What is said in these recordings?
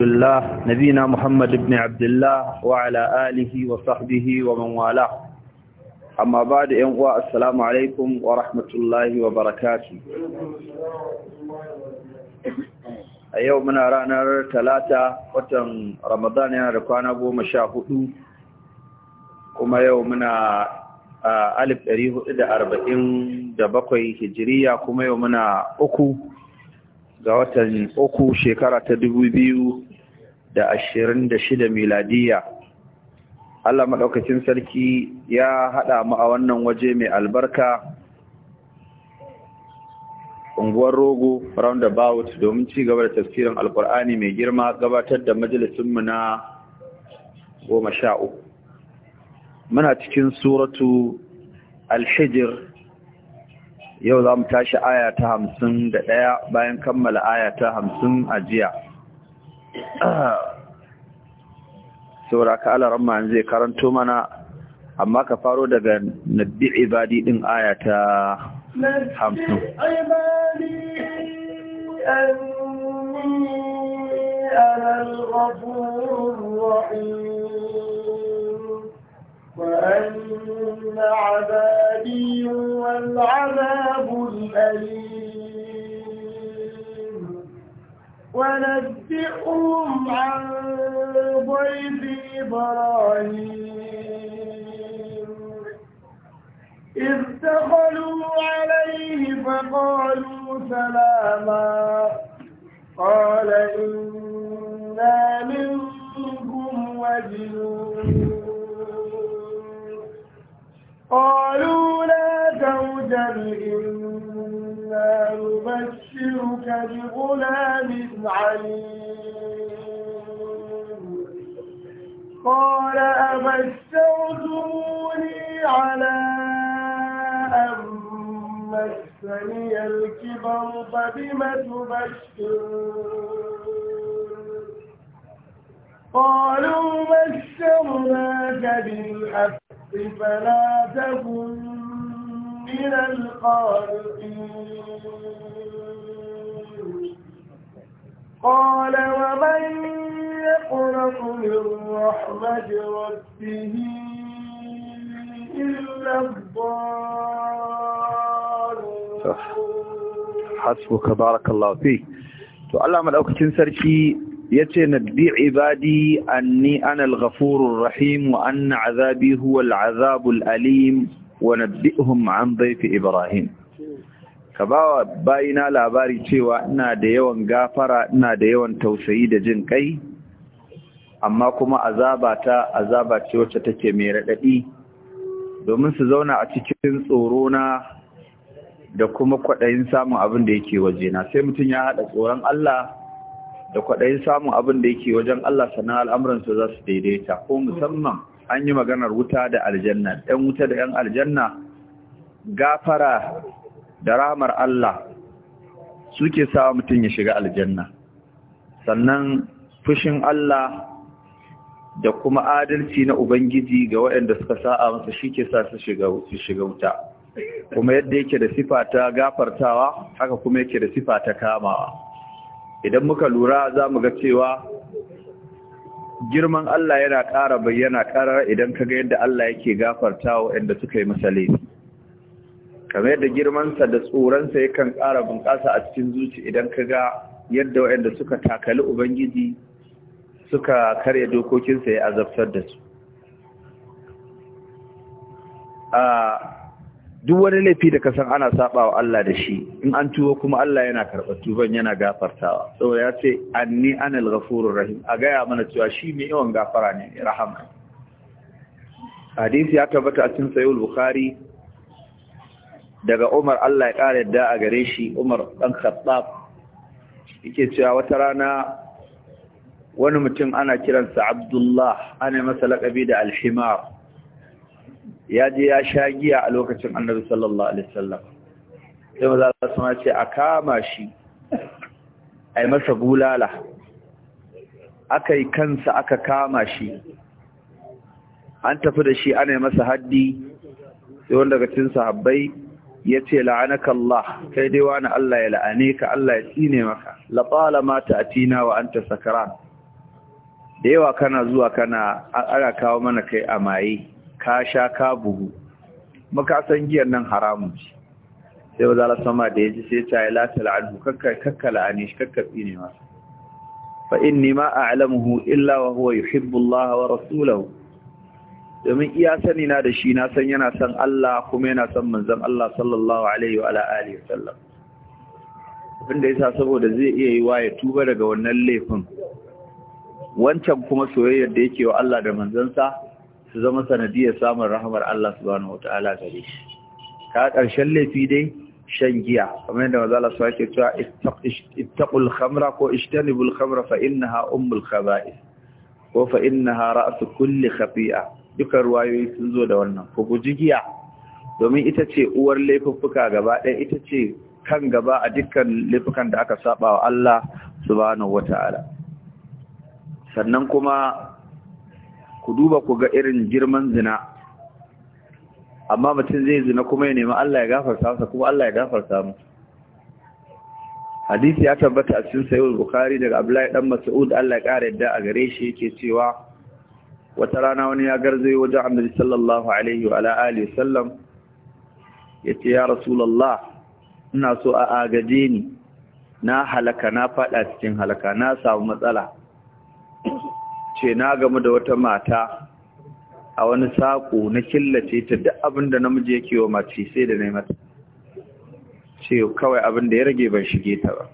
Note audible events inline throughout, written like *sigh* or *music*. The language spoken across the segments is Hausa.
الله نبينا محمد بن عبد الله وعلى آله وصحبه ومن والاه أما بعد إنواء السلام عليكم ورحمة الله وبركاته أيومنا رانا ثلاثة وتن رمضان ركوانا أبو مشاهد كما يومنا ألف أريه إلى أربعين دبقي هجرية كما يومنا أكو ga watan uku shekara ta dubu biyu da ashirin da shida miladiya Allah maɗaukacin sarki ya haɗa mu a wannan waje mai albarka unguwar rogo roundabout domin ci gaba da tafsirin alkur'ani mai girma gabatar da majalisunmu na goma sha uku muna cikin suratu alhijir yau za mu tashi aya ta hamsin da ɗaya bayan kammala aya ta hamsin a jiya Ah. saboda ka ala ramma zai karanto mana amma ka faro daga nabi ibadi din aya ta 50 وأن عذابي والعذاب الأليم ونبئهم عن ضيف إبراهيم إذ دخلوا عليه فقالوا سلاما قال إنا منكم وجنون قالوا لا توجل إنا كبغلام بغلام عليم قال أبشرتموني على أن مسني الكبر فبم تبشرون قالوا بشرناك بالحق فلا تكن من القارئين قال ومن يقرأ من رحمة ربه إلا حسبك بارك الله فيك تو الله ملأك تنسركي يتنبي عبادي أني أنا الغفور الرحيم وأن عذابي هو العذاب الأليم ونبئهم عن ضيف إبراهيم ka ba wa bayina labari cewa ina da yawan gafara ina da yawan tausayi da jin kai amma kuma azaba ta azaba ce wacce take mai raɗaɗi domin su zauna a cikin tsoro na da kuma kwaɗayin samun abin da yake waje na sai mutum ya haɗa tsoron Allah da kwaɗayin samun abin da yake wajen Allah sannan al'amuransu za su daidaita ko musamman an yi maganar wuta da aljanna ɗan wuta da 'yan aljanna gafara da ramar Allah suke sa mutum ya shiga aljanna sannan fushin Allah da kuma adalci na Ubangiji ga waɗanda suka sa'a masa shi ke sa su shiga wuta kuma yadda yake da sifa ta gafartawa haka kuma yake da sifa ta kamawa idan muka lura za mu ga cewa girman Allah yana ƙara bayyana ƙara idan ka ga yadda Allah yake gafartawa waɗanda suka yi masa laifi kamar da girmansa da tsoronsa yakan ƙara bunƙasa a cikin zuci idan ka ga yadda waɗanda suka takali ubangiji suka karya dokokinsa ya azabtar da su duk wani laifi da kasan ana saba wa Allah da shi in an tuwo kuma Allah yana karɓar tuban yana gafartawa sau ya ce anni anal ghafurur rahim a gaya mana cewa shi mai yawan gafara ne rahama hadisi ya tabbata a cikin sayul bukhari daga Umar Allah ya ƙara yadda a gare shi Umar ɗan Khattab yake cewa wata rana wani mutum ana kiransa Abdullah ana masa laƙabi da Alhimar ya je ya sha giya a lokacin Annabi sallallahu alaihi wasallam sai maza su ma ce a kama shi ai masa bulala aka yi kansa aka kama shi an tafi da shi ana masa haddi sai wanda ga cin sahabbai ya ce la'anaka Allah kai dai wani Allah ya la'ane ka Allah ya tsine maka laɓala mata a tina wa an ta da yawa kana zuwa kana ana kawo mana kai a maye ka sha ka buhu san giyar nan haramun ce sai wa zala sama da yaji sai ta yi lata la'adu kakka la'ane shi kakka tsine masa fa inni ma a'lamuhu illa wa huwa yuhibbu Allah wa rasulahu domin iya sani na da shi na san yana san Allah kuma yana san manzon Allah sallallahu alaihi wa sallam. abinda yasa saboda zai iya yi wa ya tuba daga wannan laifin wancan kuma soyayyar da yake wa Allah da manzansa su zama sanadiyar samun rahmar Allah subhanahu gare shi ka ƙarshen laifi dai shan giya kamar yadda manzo Allah yake cewa ittaqul khamra ko ishtanibul khamra fa innaha ummul khaba'is ko fa innaha ra'su kulli khafi'a. duka ruwayoyi sun zo da wannan ku guji giya domin ita ce uwar laifuffuka gaba ɗaya ita ce kan gaba a dukkan laifukan da aka saba wa Allah subhanahu wata'ala sannan kuma ku duba ku ga irin girman zina amma mutum zai zina kuma ya nemi Allah ya gafarta masa kuma Allah ya gafarta mu hadisi ya tabbata a cikin sahih bukhari daga Abdullahi dan Mas'ud Allah ya kare yadda a gare shi yake cewa wata rana wani ya garzai wajen annabi sallallahu alaihi wa ala alihi sallam yace ya rasulullah ina so a agaje ni na halaka na fada cikin halaka na samu matsala ce na gamu da wata mata a wani sako na killace ta duk abinda namiji yake wa mace sai da nayi mata ce kawai abinda ya rage ban shige ta ba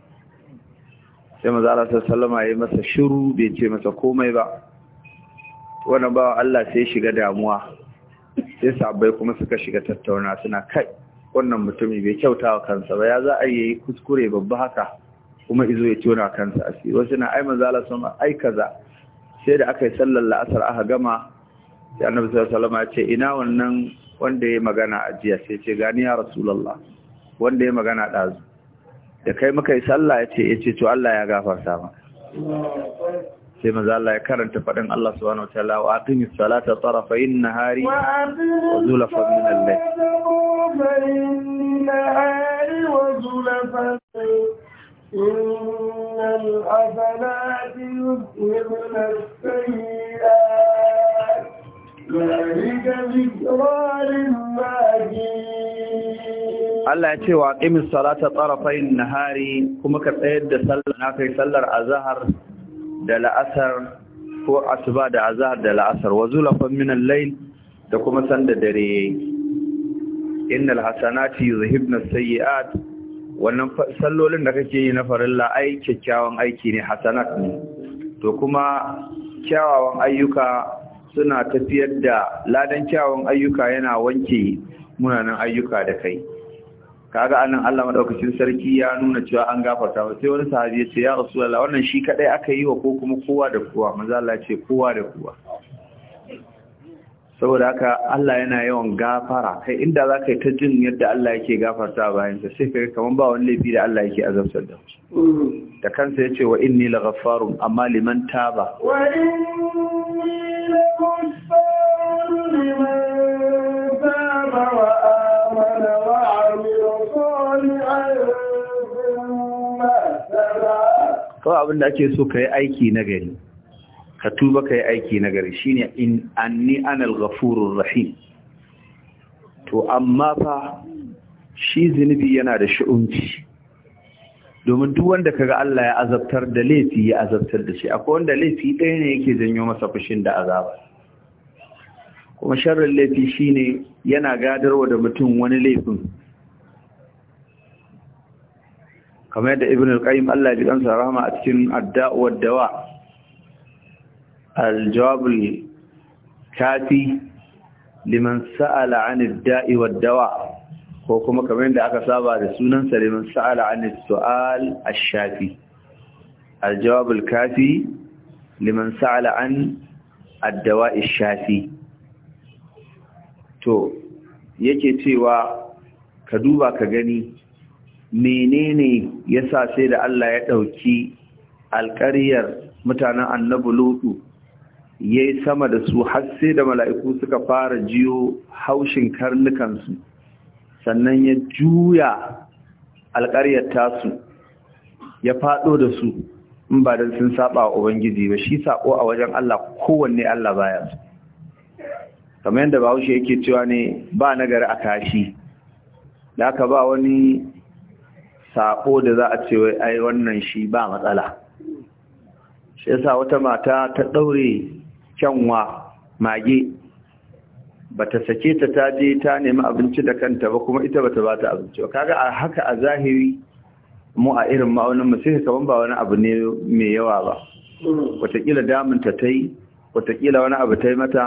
sai maza Allah sallama ya masa shiru bai ce masa komai ba wani bawa Allah sai shiga damuwa sai sabai kuma suka shiga tattauna suna kai wannan mutumin bai kyauta wa kansa ba ya za a yi kuskure babba haka kuma izo ya tona kansa siri wasu na ai manzala sun ai kaza sai da aka yi sallar la'asar aka gama sai annabi salama ya ce ina wannan wanda ya magana a jiya sai ce gani ya lalla, wanda ya magana ɗazu da kai muka yi sallah ya ce ya ce to Allah ya gafarta ma sai maza Allah ya karanta faɗin Allah subhanahu wa ta'ala wa aqimis salata tarafayn nahari wa zulafa min al-layl إن الحسنات يذهبن السيئات ذلك Allah ya ce wa aqimis salata tarafayn nahari kuma ka tsayar da sallar na kai sallar azhar da la'asar ko asuba da azahar da la'asar wa zulafan min al-layl da kuma sanda dare yayi innal hasanati yuzhibna as-sayyi'at wannan sallolin da kake yi na farilla ai kyakkyawan aiki ne hasanat ne to kuma kyawawan ayyuka suna tafiyar da ladan kyawawan ayyuka yana wanke munanan ayyuka da kai kaga anan Allah madaukakin sarki ya nuna cewa an gafarta wa sai wani sahabi ya ce ya rasulullah wannan shi kadai aka yi wa ko kuma kowa da kowa manzo Allah ya ce kowa da kowa saboda haka Allah yana yawan gafara kai inda za yi ta jin yadda Allah yake gafarta bayan sa sai kai kaman ba wani laifi da Allah yake azabtar da da kansa yace wa inni laghaffarun amma liman taba wa inni kawai abin da ake so ka yi aiki na gari ka tuba ka yi aiki na gari shi ne in anni anal ghafurur rahim to amma fa shi zunubi yana da shi'unci domin duk wanda kaga Allah ya azabtar da laifi ya azabtar da shi akwai wanda laifi ɗaya ne yake janyo masa fushin da azaba kuma sharrin laifi shine yana gadarwa da mutum wani laifin kamar yadda ibn al-qayyim Allah ya ji kansa rahama a cikin adda'u wad dawa al-jawab al-kafi liman sa'ala 'an ad-da'i wad dawa ko kuma kamar yadda aka saba da sunan sa liman sa'ala 'an as-su'al ash-shafi al-jawab al-kafi liman sa'ala 'an ad-dawa'i ash-shafi to yake cewa ka duba ka gani menene yasa sai da Allah ya ɗauki alƙaryar mutanen Annabu lutu ya yi sama da su har sai da mala'iku suka fara jiyo haushin karnukansu sannan ya juya alƙaryar tasu ya faɗo da su in ba don sun saba wa Ubangiji ba shi saƙo a wajen Allah kowanne Allah baya su kamar yadda haushe yake cewa ne ba nagari a kashi da aka ba wani sabo da za a ce wai ai wannan shi ba matsala shi yasa wata mata ta daure kyanwa mage bata sake ta ta je ta nemi abinci da kanta ba kuma ita bata bata abinci ba kaga a haka a zahiri mu a irin ma'aunin mu sai kaman ba wani abu ne mai yawa ba Wataƙila damun ta yi watakila wani abu ta yi mata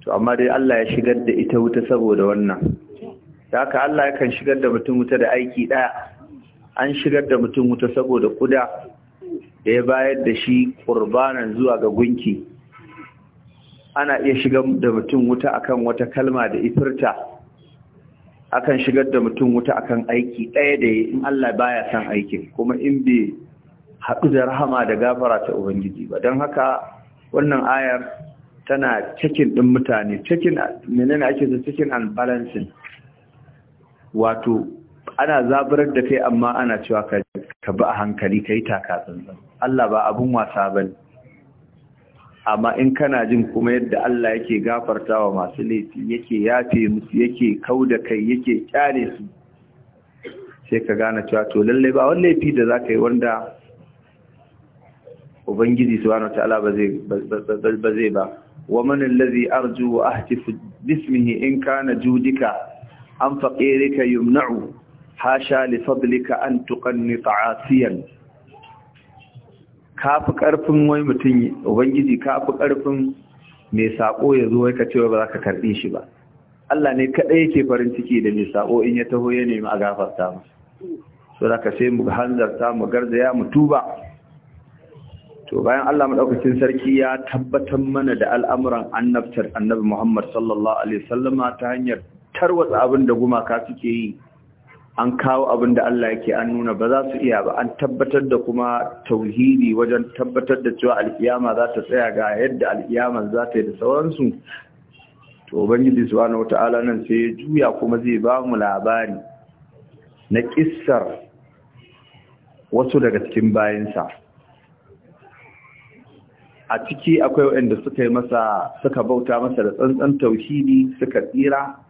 to amma dai Allah ya shigar da ita wuta saboda wannan da haka Allah yakan shigar da mutum wuta da aiki ɗaya an shigar da mutum wuta saboda kuda da ya bayar da shi ƙurbanan zuwa ga gunki ana iya shigar da mutum wuta akan wata kalma da ifirta akan shigar da mutum wuta akan aiki ɗaya da ya in Allah baya son aiki. kuma in bai haɗu da rahama da gafara ta Ubangiji ba don haka wannan ayar tana cikin ɗin mutane cikin menene ake da cikin unbalancing balancing wato ana zaburar da kai amma ana cewa ka bi a hankali ka yi taka tsantsan Allah ba abun wasa ba ne amma in kana jin kuma yadda Allah yake gafarta wa masu laifi yake yafe musu yake kau da kai yake kyare su sai ka gane cewa to lallai ba wani laifi da za ka yi wanda ubangiji subhanahu ta'ala ba zai ba zai ba wa man allazi arju wa ahtifu bismihi in kana judika an faqirika yumna'u hasha li fadlika an tuqannita 'asiyan fi karfin wai mutum ubangiji fi karfin mai sako ya zo ka cewa ba za ka karbe shi ba Allah ne kaɗai yake farin ciki da mai saƙo in ya taho ya nemi a gafarta masa so za ka sai mu hanzarta mu garzaya mu tuba to bayan Allah maɗaukacin sarki ya tabbatar mana da al'amuran annabtar annabi Muhammad sallallahu alaihi wasallama ta hanyar tarwatsa abin da gumaka suke yi an kawo abin da Allah yake an nuna ba za su iya ba an tabbatar da kuma tauhidi wajen tabbatar da cewa alkiyama za ta tsaya ga yadda alkiyama za ta yi da sauransu to ubangiji subhanahu wata'ala nan sai ya juya kuma zai ba mu labari na kissar wasu daga cikin bayansa a ciki akwai waɗanda suka yi masa suka bauta masa da tsantsan tauhidi suka tsira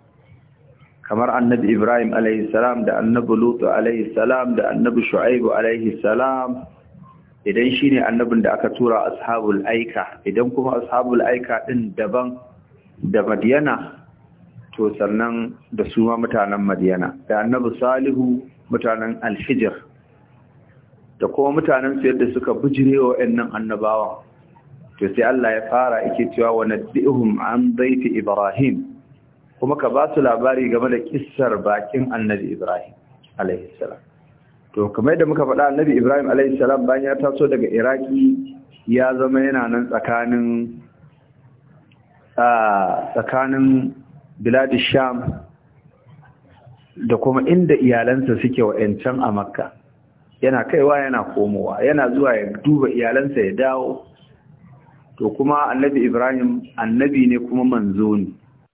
kamar annabi Ibrahim alaihi salam da annabi Lutu alaihi salam da annabi Shu'aibu alaihi salam idan shine annabin da aka tura ashabul aika idan kuma ashabul aika din daban da Madiyana to sannan da su ma mutanen Madiyana da annabi Salihu mutanen al da kuma mutanen su yadda suka wa wayannan annabawan to sai Allah ya fara yake cewa wa nadbihum an baiti Ibrahim kuma ka ba su labari game da kissar bakin annabi Ibrahim alaihi salam to kamar da muka faɗa annabi Ibrahim alaihi salam bayan ya taso daga Iraki ya zama yana nan tsakanin a ah, tsakanin sham da kuma inda iyalansa suke wa'ancan a makka yana kaiwa yana komowa yana zuwa ya duba iyalansa ya dawo to kuma annabi ibrahim annabi ne kuma manzo ne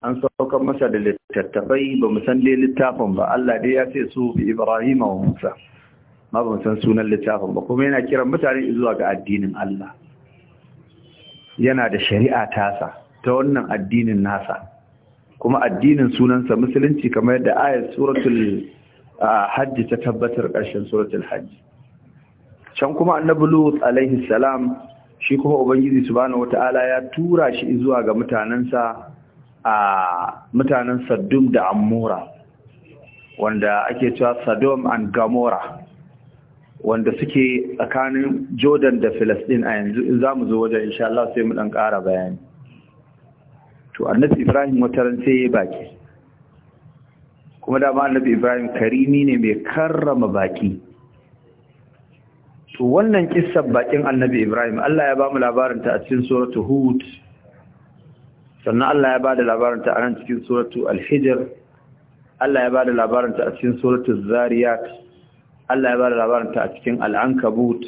an saukar masa da littattafai ba mu san dai littafin ba Allah dai ya ce su bi Ibrahim wa Musa ma ba mu san sunan littafin ba kuma yana kiran mutane zuwa ga addinin Allah yana da shari'a tasa ta wannan addinin nasa kuma addinin sunansa musulunci kamar yadda ayat suratul hajj ta tabbatar ƙarshen suratul hajj can kuma annabi Lut alaihi salam shi kuma ubangiji subhanahu wataala ya tura shi zuwa ga mutanansa a mutanen saddum da amora wanda ake cewa saddum and gamora wanda suke tsakanin jordan da Filistin a yanzu in za mu zo wajen insha Allah sai mu dan ƙara bayani to annabi ibrahim wataran sai ya baki kuma da dama annabi ibrahim karimi ne mai karrama baki to wannan kissa bakin annabi ibrahim Allah ya ba mu labarinta a cikin suratul hud sannan Allah ya ba da labaranta a nan cikin suratu alhijar Allah ya ba da labaranta a cikin suratu zariyat Allah ya ba da labaranta a cikin al'ankabut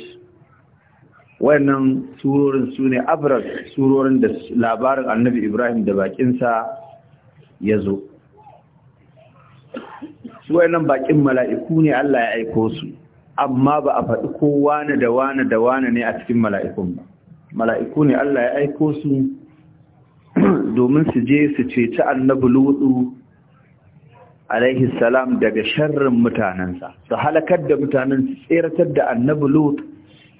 wannan surorin su ne abrar surorin da labarin annabi ibrahim da bakinsa ya zo su wayannan bakin mala'iku ne Allah ya aiko su amma ba a faɗi kowane da wane da wane ne a cikin mala'ikun ba mala'iku ne Allah ya aiko su domin su je su ceci annabi lutsu alaihi salam daga sharrin mutanensa su halakar da mutanen su tseratar da annabi lut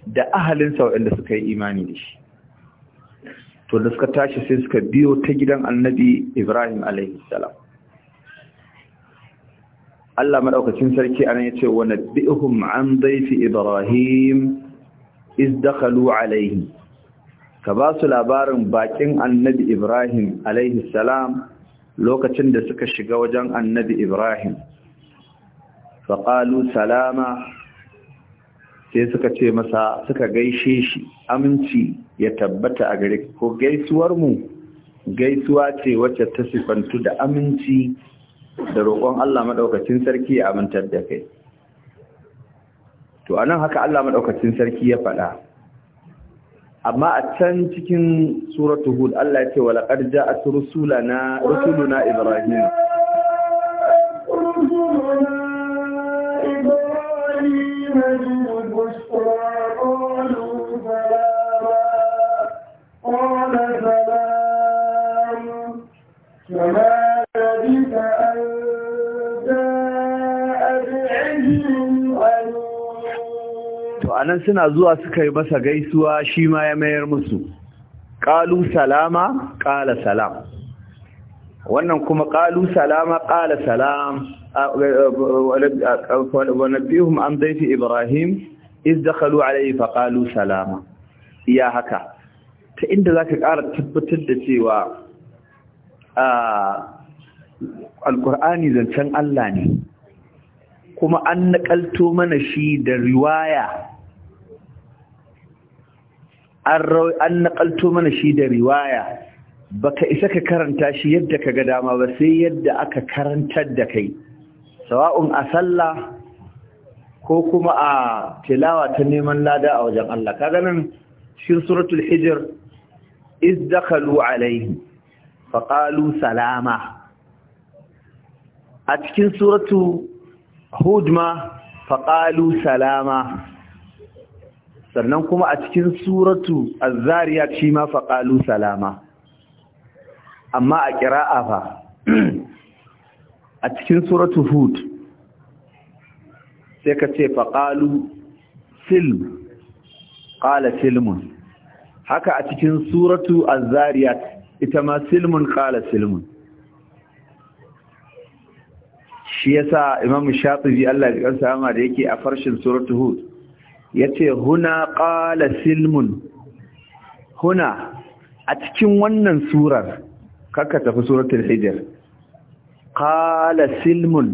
da ahalinsa waɗanda suka yi imani da shi to da suka tashi sai suka biyo ta gidan annabi ibrahim alaihi salam Allah maɗaukacin sarki anan ya ce wa nabbihum an fi ibrahim iz alaihi ka ba su labarin bakin annabi Ibrahim alaihi salam lokacin da suka shiga wajen annabi Ibrahim faƙalu salama sai suka ce masa suka gaishe shi aminci ya tabbata a gare ko gaisuwar mu gaisuwa ce wacce ta sifantu da aminci da roƙon Allah maɗaukacin sarki ya amintar da kai. To, anan haka Allah maɗaukacin sarki ya faɗa, amma a can cikin suratu hud Allah ya ce wa laqad ja'at rusulana rusuluna ibrahim anan suna zuwa suka yi masa gaisuwa shi ma ya mayar musu ƙalu salama ƙala salam wannan kuma ƙalu salama ƙala salam wa nabihum an daifi ibrahim iz dakhalu alayhi fa qalu salama iya haka ta inda zaka ƙara tabbatar da cewa alƙur'ani zancen Allah ne kuma an naƙalto mana shi da riwaya an naƙalto mana shi da riwaya baka isa ka karanta shi yadda ka ga dama ba sai yadda aka karantar da kai sawa'un a sallah ko kuma a tilawa ta neman lada a wajen Allah Ka ganin, shi suratul hijr iz dakalu alaihi faqalu salama a cikin suratu hud ma faqalu salama sannan kuma a cikin suratu azariya shi ma faqalu salama amma a qira'a fa *clears throat* a cikin suratu hud sai ka ce faqalu silm qala silmun haka a cikin suratu azariya ita ma silmun qala silmun shi yasa imamu shatibi Allah ya kansa amma da yake a farshin suratu hud yace huna qala silmun huna a cikin wannan surar kaka tafi suratul hijr qala silmun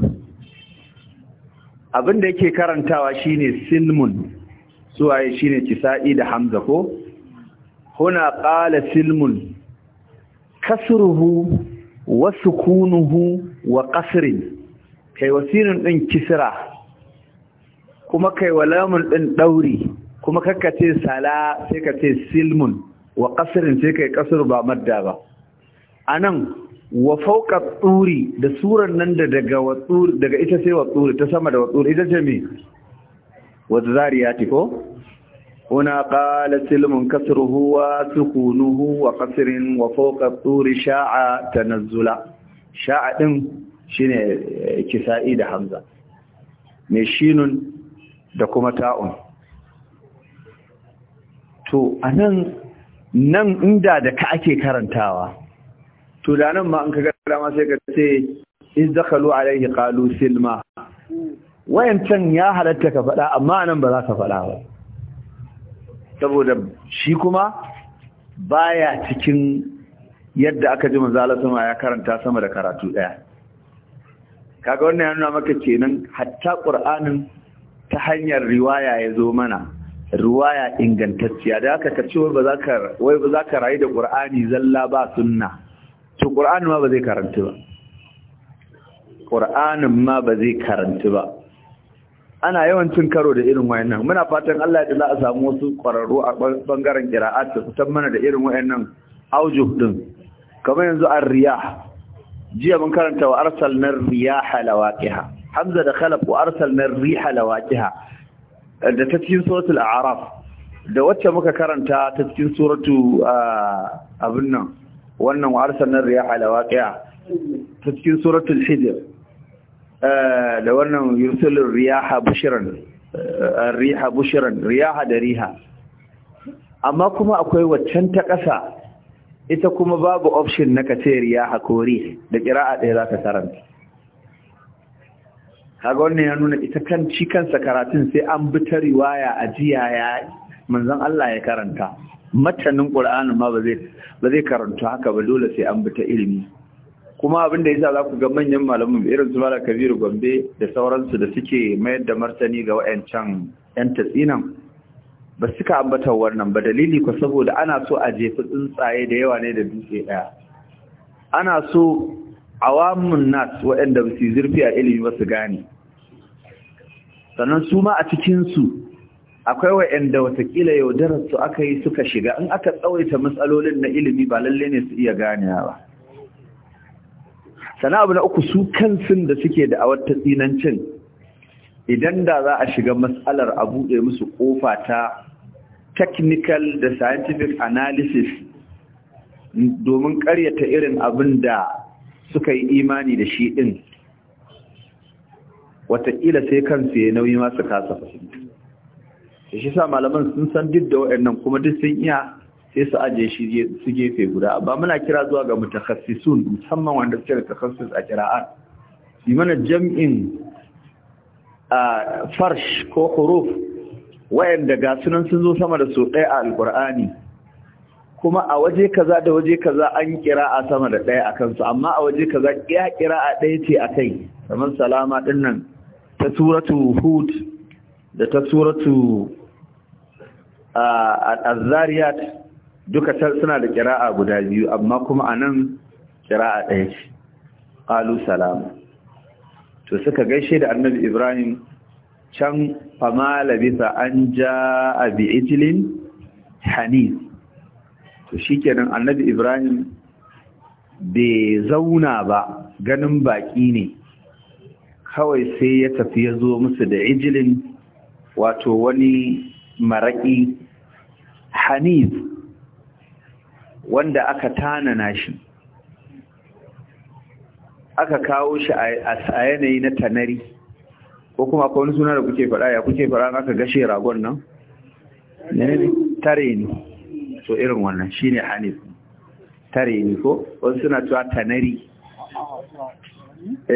abinda yake karantawa shine silmun suwaye shine kisa'i da hamza ko huna ƙala silmun kasruhu wa sukunuhu wa qasrin kai wasirin ɗin kisra kuma kai wa lamun ɗin ɗauri kuma kakka ce sala sai ka ce silmun wa ƙasirin sai kai ƙasar ba madda ba a nan wa fauka tsuri da suran nan da daga daga ita sai wa tsuri ta sama da wa tsuri ita ce me wa zariyati ko هنا قال سلم wa وسكونه وقصر وفوق sha'a ta تنزلا sha'a din shine kisa'i da hamza mai shinun da kuma ta'un to a nan nan inda da ka ake karantawa to da nan ma an ka gara ma sai ka ce in a alaihi kalu silma wayancan ya halatta ka faɗa amma nan ba za ka faɗa ba saboda shi kuma baya cikin yadda aka ji manzala sama ya karanta sama da karatu ɗaya kaga wannan ya nuna maka kenan hatta ƙur'anin ta hanyar riwaya ya zo mana riwaya ingantacciya da haka ka wai ba za ka rayu da ƙur'ani zalla ba sunna to ƙur'anin ma ba zai karanta ba ƙur'anin ma ba zai karanta ba ana yawan cin karo da irin wayannan muna fatan Allah ya za a samu wasu ƙwararru a bangaren ƙira'at da fitan mana da irin wayannan aujuh din kamar yanzu ar-riyah jiya mun karanta wa riya halawa lawaqiha hamza da khalaf wa min riha lawaqiha da ta cikin suratul a'raf da wacce muka karanta ta cikin suratu abin nan wannan wa min riha lawaqiha ta cikin suratul hijr da wannan yursilur riha bushran riha bushran riha da riha amma kuma akwai waccan ta ƙasa ita kuma babu option na kace riyaha ko rih da ƙira'a ɗaya za ka karanta kaga wannan ya nuna ita kan ci kansa karatun sai an bi ta riwaya a jiya ya manzon Allah ya karanta matanin Qur'anin ma ba zai ba karanta haka ba dole sai an bi ta ilimi kuma abin da yasa za ku ga manyan malaman irin su Malam Kabiru Gombe da sauransu da suke mayar da martani ga wayancan yan tatsinan ba suka ambata wannan ba dalili ko saboda ana so a jefi tsuntsaye da yawa ne da dutse ɗaya, ana so awamun nas waɗanda ba su zurfi a ilimi ba su gane sannan su ma a cikinsu akwai waɗanda watakila su aka yi suka shiga in aka tsawaita matsalolin na ilimi ba lalle ne su iya ganewa ba sana abu na uku su kansun da suke da awar ta tsinancin idan da za a shiga matsalar a buɗe musu ƙofa ta technical da scientific analysis domin karyata irin abin da suka yi imani da shi ɗin watakila sai kansu ya nauyi masu kasa fahimta shi sa malaman sun san duk da wa'annan kuma duk sun iya sai su aje shi su gefe guda ba muna kira zuwa ga sun, musamman wanda suke da takhassus a kira'an bi mana jam'in a farsh ko huruf wayanda ga sunan sun zo sama da su ɗaya a Alƙur'ani. kuma a waje kaza da waje kaza an kira a sama da ɗaya a kansu amma a waje kaza ya kira a ɗaya ce a kai kamar salama ɗin nan ta suratu hud da ta suratu azariyat duka suna da kira'a guda biyu amma kuma a nan kira'a ɗaya ce ƙalu salama to suka gaishe da annabi ibrahim can fama labisa an ja a bi'itilin hanif to shi kenan annabi ibrahim bai zauna ba ganin baki ne kawai sai ya tafi ya zo musu da ijilin wato wani maraƙi hanif wanda aka tanana shi aka kawo shi a yanayi na tanari ko kuma akwai wani suna da kuke faɗa ya kuke faɗa aka gashe ragon nan ne tare ne to irin wannan shine hanif tare ne ko wasu suna cewa tanari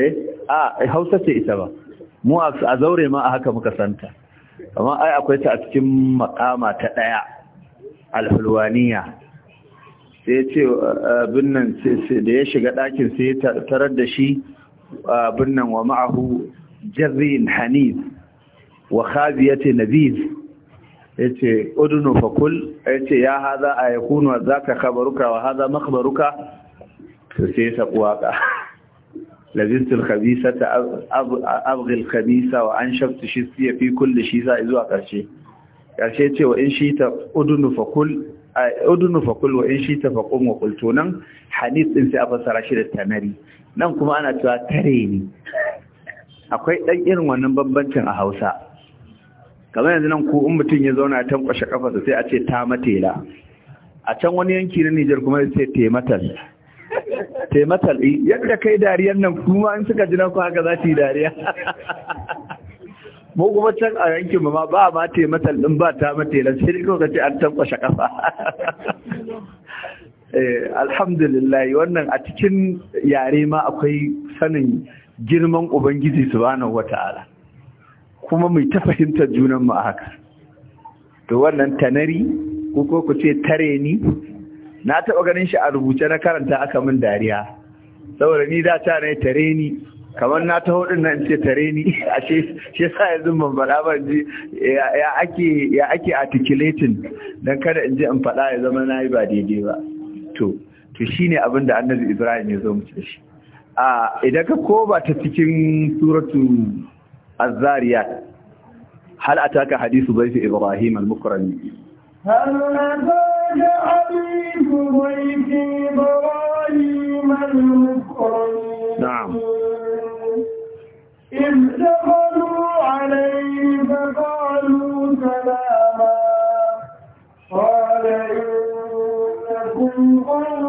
eh a hausa ce ita ba mu a zaure ma a haka muka santa amma ai akwai ta a cikin makama ta daya alhulwaniya sai ce abin nan da ya shiga ɗakin sai ya tarar da shi abin nan wa ma'ahu jazin hanif wa khaziyati nabiz ce udunu fakul ce ya haza ayakunu za zaka kabaruka wa haza makabaruka su sai ta kuwaka لذنت wa an shafta shi شفت شيء kulle shi za a zuwa ƙarshe Ƙarshe ce wa in shi ta udunu fakul wa in shi ta fakun wa nan hadis ɗin sai a fassara shi da tanari nan kuma ana cewa tare ne akwai ɗan irin wannan bambancin a hausa kamar yanzu nan ko in mutum ya zauna a tankwashe kafarsa sai a ce ta matela a can wani yanki na Nijar kuma ya ce tematal tematal eh, yadda kai dariyar nan kuma in suka ji na ko haka za su yi dariya mu kuma can a yankin ma ba ma tematal din ba ta matela sai dai kawai ce an tankwashe kafa *laughs* eh, alhamdulillah wannan a cikin yare ma akwai sanin girman ubangiji subhanahu wata'ala kuma mai ta fahimtar junan mu a haka to wannan tanari ko ko ku ce tare ni na taɓa ganin shi a rubuce na karanta aka min dariya saboda ni da ta ne tare ni kamar na taho hudun nan ce tare ni *laughs* ashe shi sa yanzu ban faɗa ba ji ya ake ya ake articulating dan kada in ji in faɗa ya zama nayi ba daidai ba to to shine abin da Annabi Ibrahim ya zo mu ce shi idan ka koba ta cikin suratu الزاريات هل أتاك حديث ضيف إبراهيم المكرم هل أتاك حديث ضيف إبراهيم المكرم نعم إذ دخلوا عليه فقالوا سلاما قال إنكم قوم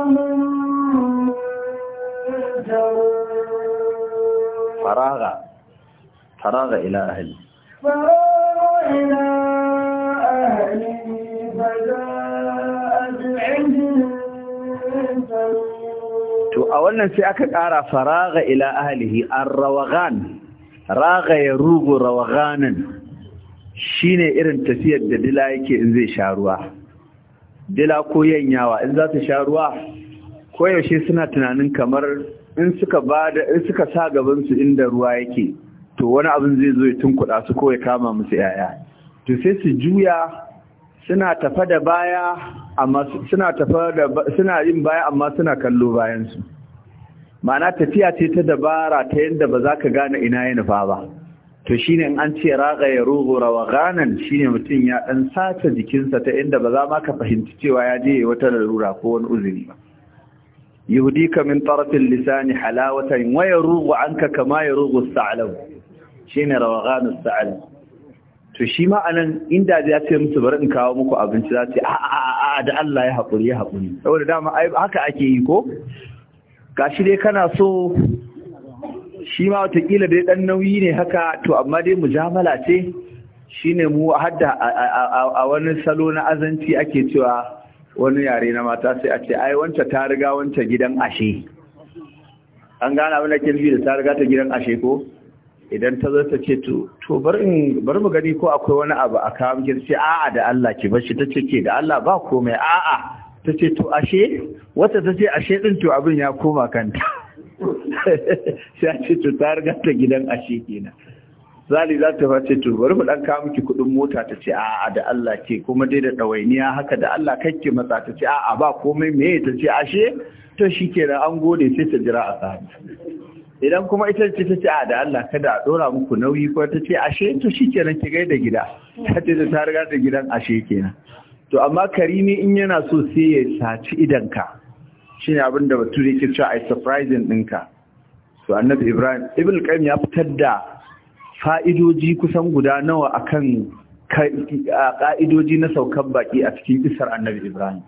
فراغا فراغ إلى ahli فراغ إلى ahli to a wannan sai aka ƙara faraga ila ahlihi ar-rawagan raga ya rugu rawaganan shine irin tafiyar da dila yake in zai sha ruwa dila ko yanyawa in za su sha ruwa koyaushe suna tunanin kamar in suka bada in suka sa gabansu inda ruwa yake to wani abin zai zo ya tunkuɗa su ko ya kama musu yaya to sai su juya suna tafa da baya amma suna tafa da suna yin baya amma suna kallo bayan su ma'ana tafiya ce ta dabara ta yadda ba za ka gane ina ya nufa ba to shine in an ce raga ya rugu Ganan shine mutum ya dan sace jikinsa ta inda ba za ma ka fahimci cewa ya je wata larura ko wani uzuri ba yuhdika min tarafin lisani halawatan wa yarugu anka kama yarugu Salam. shine rawaganu sa'al to shi ma anan inda ya ce musu bari in kawo muku abinci za ce a a da Allah ya haƙuri ya haƙuri saboda dama haka ake yi ko gashi dai kana so shi ma watakila dai ɗan nauyi ne haka to amma dai mujamala ce shine mu hadda a wani salo na azanci ake cewa wani yare na mata sai a ce ai wancan ta riga wancan gidan ashe an gane abin da ke nufi da ta riga ta gidan ashe ko idan ta zo ta ce to to bar in bar mu gani ko akwai wani abu a kawo miki sai a'a da Allah ki bashi tace ke da Allah ba komai a'a tace to ashe wata tace ashe din to abin ya koma kanta *laughs* sai a ce to ta riga ta gidan ashe kenan zali za ta face to bari mu dan kawo miki kudin mota ta ce a'a da Allah ke kuma dai da dawainiya haka da Allah kake matsa ta ce a'a ba komai me ta ce ashe to shikenan an gode sai ta jira a sa'a idan kuma ita ce ta ce a da Allah kada a dora muku nauyi ko ta ce ashe to shi kenan ki gaida gida ta ce ta riga da gidan ashe kenan to amma karimi in yana so sai ya saci idanka shine abin da bature yake cewa ai surprising ɗinka to annabi ibrahim ibn qayyim ya fitar da fa'idoji kusan guda nawa akan ka'idoji na saukan baki a cikin isar annabi ibrahim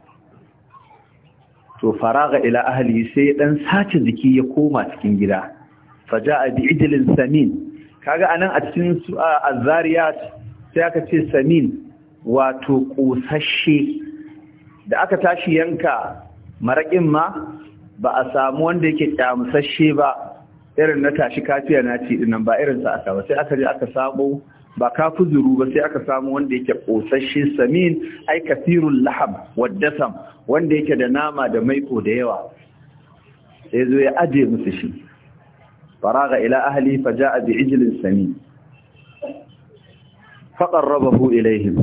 to faraga ila ahli sai dan sace jiki ya koma cikin gida faja bi ijlin samin kaga anan a cikin a zariyat sai aka ce samin wato kusashe da aka tashi yanka maraƙin ma ba a samu wanda yake kyamusashe ba irin na tashi kafiya na ci dinnan ba irin sa aka ba sai aka je aka samu ba zuru ba sai aka samu wanda yake kosasshe samin ai kasirul lahab waddasam wanda yake da nama da maiko da yawa sai zo ya aje musu shi faraga ila ahli faja'a bi ijlin sami faqarrabahu ilayhim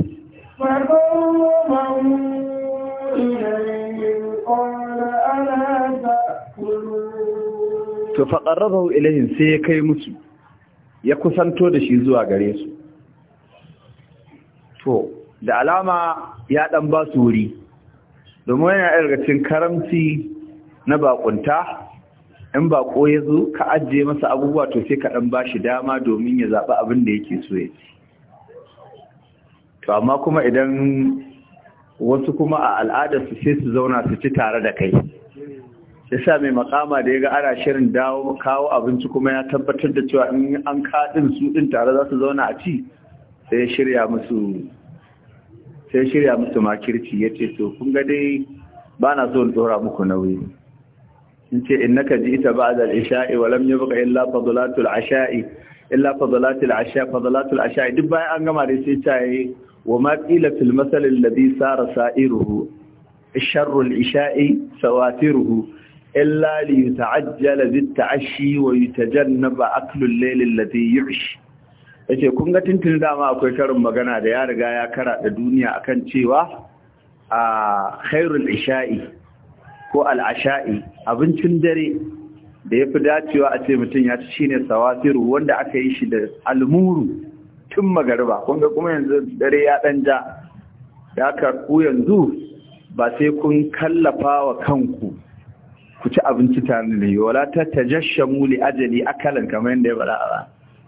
to faqarrabahu ilayhim sai ya kai musu ya kusanto da shi zuwa gare su da alama ya dan ba wuri domin yana daga cikin karamci na baƙunta. in ba ko ya zo ka ajiye masa abubuwa to sai ka ɗan ba shi dama domin ya zaɓi abin da yake so ya ci to amma kuma idan wasu kuma a al'adarsu sai su zauna su ci tare da kai ya sa mai makama da ya ga ana shirin dawo kawo abinci kuma ya tabbatar da cewa in an kaɗin su ɗin tare za su zauna a ci sai ya shirya musu sai shirya musu makirci ya ce to kun ga dai ba na so in ɗora muku nauyi in ce innaka ita ba'da al-isha'i wa lam yabqa illa fadlatul asha'i illa fadlatul asha'i fadlatul asha'i duk bayan an gama da sai ta yi wa ma qila fil masal alladhi sara sa'iruhu sharru al-isha'i sawatiruhu illa li yata'ajjala bi ta'ashi wa yatajannaba aklu al-layl alladhi yu'shi yace kun ga tuntun dama akwai karin magana da ya riga ya kara da duniya akan cewa a ah, khairul isha'i ko al'asha'i abincin dare da ya fi dacewa a ce mutum ya ci shine sawasiru wanda aka yi shi da almuru tun magariba kuma yanzu dare ya ɗan ja da aka ku yanzu ba sai kun kallafa wa kanku ku ci abinci tare da yi wala ta tajashamu muli, ajali akalan kamar yadda ya bada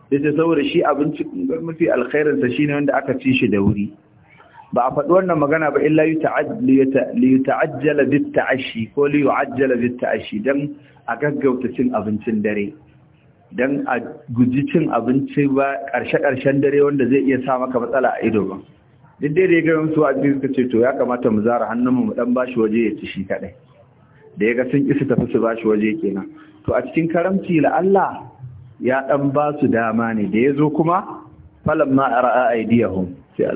a saboda shi abinci mafi alkhairinsa shine wanda aka ci shi da wuri ba a faɗi wannan magana ba illa liyuta'ajjala bitta'ashi ko liyu'ajjala bitta'ashi don a gaggauta cin abincin dare don a guji cin abinci ba ƙarshe-ƙarshen dare wanda zai iya sa maka matsala a ido ba duk dai da ya gani musu wajen suka ce to ya kamata mu zara hannunmu mu ɗan bashi waje ya ci shi kaɗai da ya ga sun isa tafi su bashi waje kenan to a cikin karamci la'alla ya ɗan basu dama ne da ya zo kuma falamma ra'a aidiyahum sai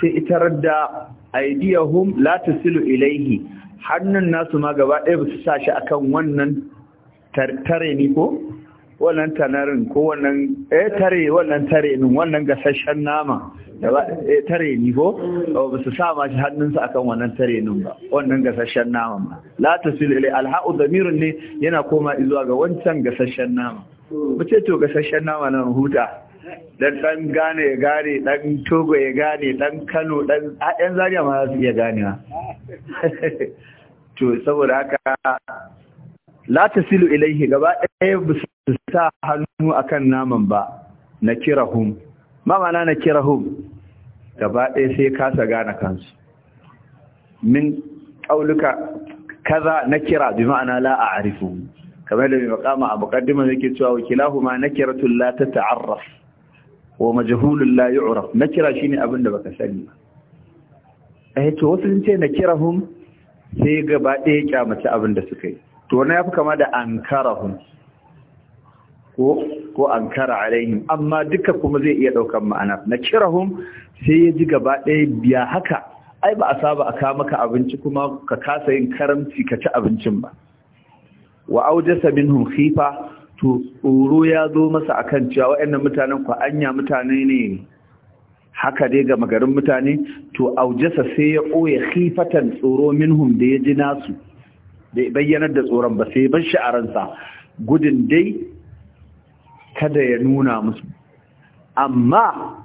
sai itar da aidiyahum la tasilu ilaihi hannun nasu ma gaba ɗaya ba su sa shi akan wannan tare ni ko wannan tanarin ko wannan eh tare wannan tare ni wannan gasasshen nama gaba eh tare ni ko ba su sa ma shi hannunsa akan wannan tare nin ba wannan gasasshen nama ba la tasilu ilai alha'u damirun ne yana koma zuwa ga wancan gasasshen nama ba ce to gasasshen nama nan huta dan dan gane ya gane dan togo ya gane dan kano dan yan zariya ma za su iya ganewa *laughs* to saboda haka la tasilu ilaihi gaba ɗaya ba su sa hannu akan naman ba na kirahum ma mana na kirahum gaba ɗaya sai kasa gane kansu min ƙauluka kaza na kira bi ma'ana la a'rifu kamar da mai makama a muqaddima yake cewa na nakiratul la tata'arraf wa majhulun la yu'raf nakira shine abin da baka sani ba eh to wasu sun ce hum sai gaba ɗaya kyamata abin da suka yi to wannan yafi kama da ankarahum ko ko ankara alaihim amma duka kuma zai iya daukan ma'ana hum sai ya ji gaba ɗaya biya haka ai ba a saba a kawo maka abinci kuma ka kasa yin karamci ka ci abincin ba wa aujasa minhum khifa to tsoro ya zo masa a kan cewa waɗannan mutanen ku anya mutane ne haka dai ga magarin mutane to aujasa sai ya ɓoye khifatan tsoro minhum da ya ji nasu bai bayyanar da tsoron ba sai ban sha'aransa gudun dai kada ya nuna musu amma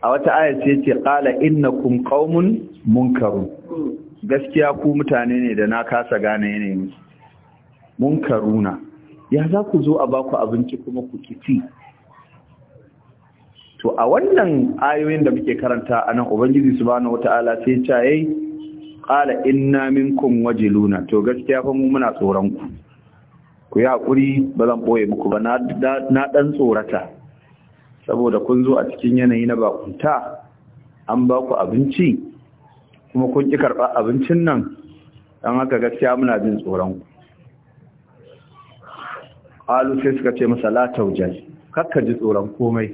a wata ayar sai ce qala kun qaumun munkaru gaskiya ku mutane ne da na kasa gane ne munkaruna ya za ku zo a baku abinci kuma ku kici to a wannan ayoyin da muke karanta a nan ubangiji subhanahu wata'ala sai ya ce qala inna minkum wajiluna to gaskiya fa mu muna tsoron ku ku yi haƙuri ba zan ɓoye muku ba na ɗan tsorata saboda kun zo a cikin yanayi na bakunta an ba ku abinci kuma kun ƙi karɓa abincin nan don haka gaskiya muna jin tsoron ku qalu sai suka ce masa la tawjal kakka ji tsoron komai